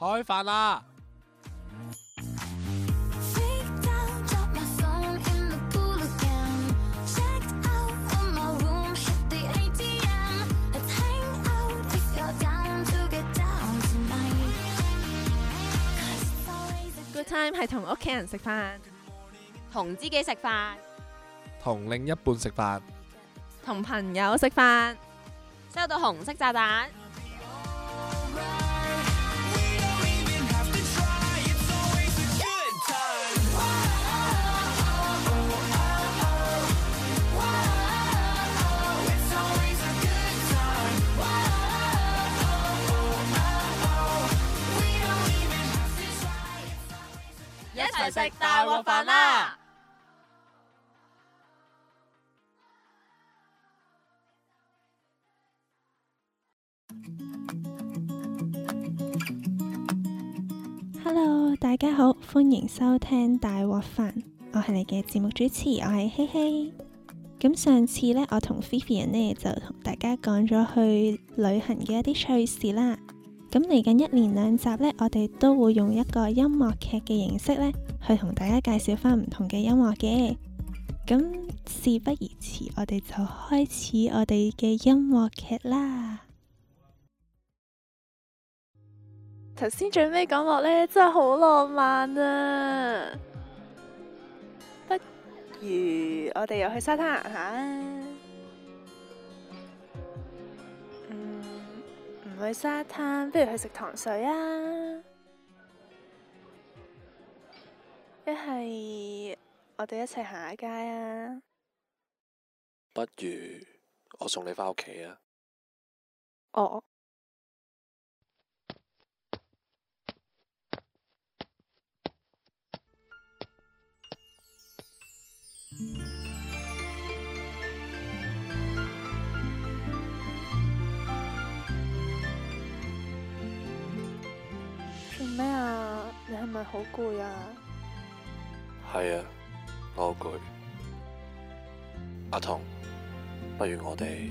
開飯啦！Good time 係同屋企人食飯，同知己食飯，同另一半食飯，同朋友食飯，收到紅色炸彈。食大鑊飯啦！Hello，大家好，歡迎收聽大鑊飯，我係你嘅節目主持，我係希希。咁上次呢，我同 Vivian 呢就同大家講咗去旅行嘅一啲趣事啦。咁嚟緊一年兩集呢，我哋都會用一個音樂劇嘅形式呢，去同大家介紹翻唔同嘅音樂嘅。咁事不宜遲，我哋就開始我哋嘅音樂劇啦。頭先最尾講落呢，真係好浪漫啊！不如我哋又去沙灘行下。去沙灘，不如去食糖水啊！一係我哋一齊行下街啊！不如我送你返屋企啊！我。係咪好攰啊？係啊，我好攰。阿彤，不如我哋。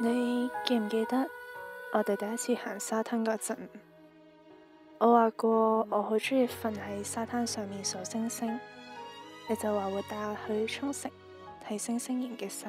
你記唔記得我哋第一次行沙灘嗰陣？我話過我好鍾意瞓喺沙灘上面數星星，你就話會帶我去沖繩睇星星形嘅沙。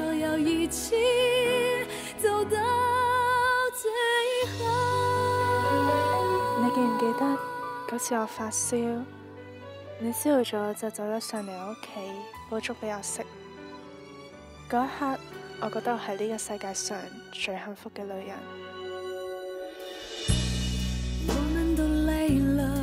要一起走到最後你記唔記得？嗰次我發燒，你知道咗就走咗上嚟我屋企煲粥俾我食。嗰一刻，我覺得我係呢個世界上最幸福嘅女人。我們都累了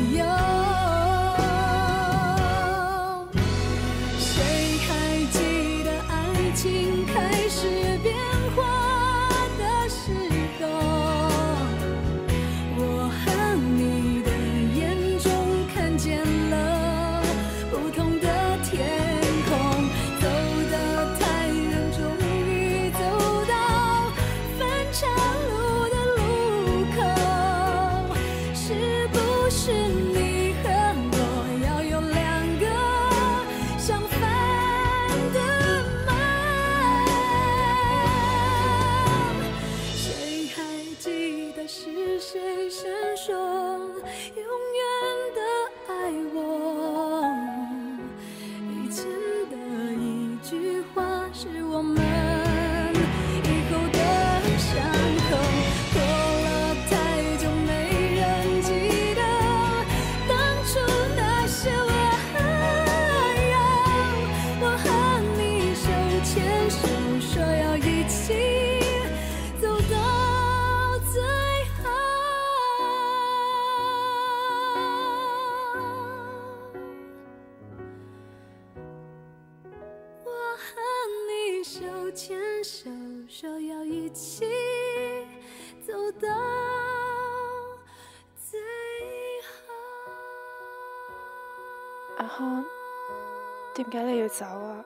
你要走啊，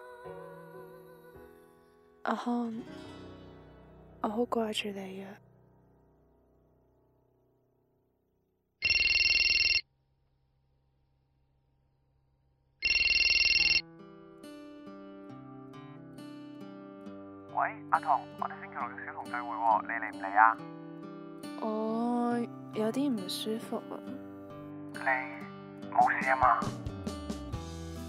阿、uh、康，huh. 我好掛住你啊。喂，阿彤，我哋星期六要小同聚會喎，哦，你嚟唔嚟啊？我有啲唔舒服啊。你冇事啊嘛？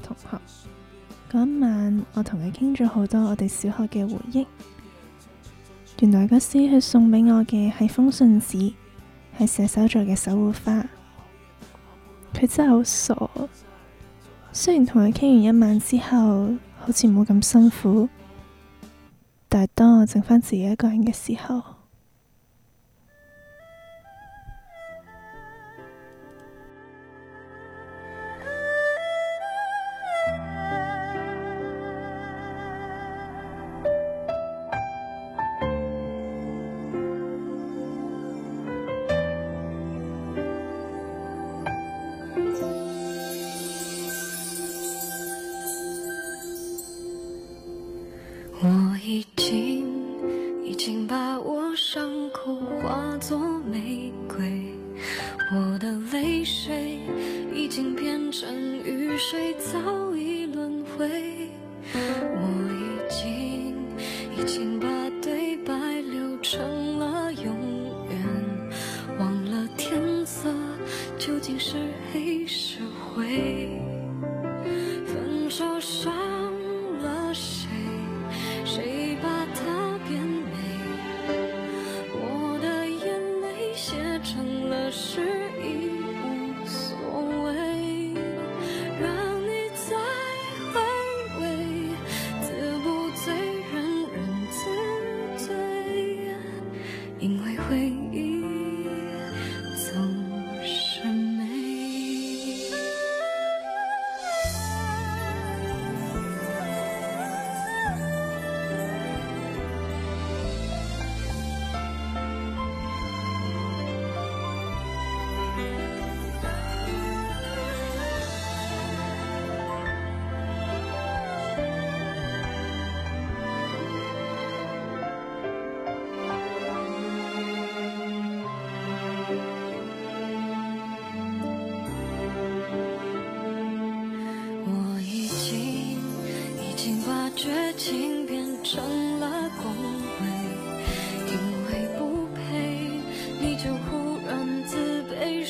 同學，嗰晚我同佢傾咗好多我哋小學嘅回憶。原來嗰時佢送俾我嘅係封信紙，係射手座嘅守護花。佢真係好傻。雖然同佢傾完一晚之後，好似冇咁辛苦，但係當我剩翻自己一個人嘅時候。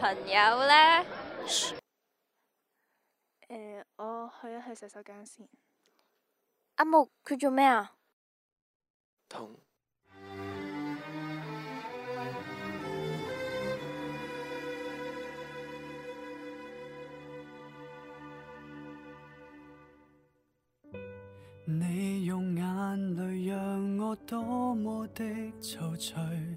朋友咧，誒、呃，我去一去洗手間先。阿木佢做咩啊？同痛你用眼淚讓我多麼的憔悴。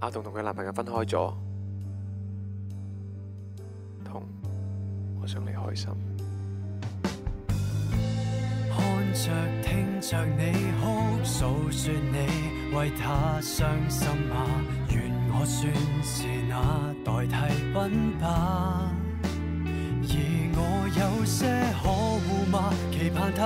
阿棟同佢男朋友分開咗，痛。我想你開心。看着聽着你哭，訴說你為他傷心啊！願我算是那代替品吧，而我有些。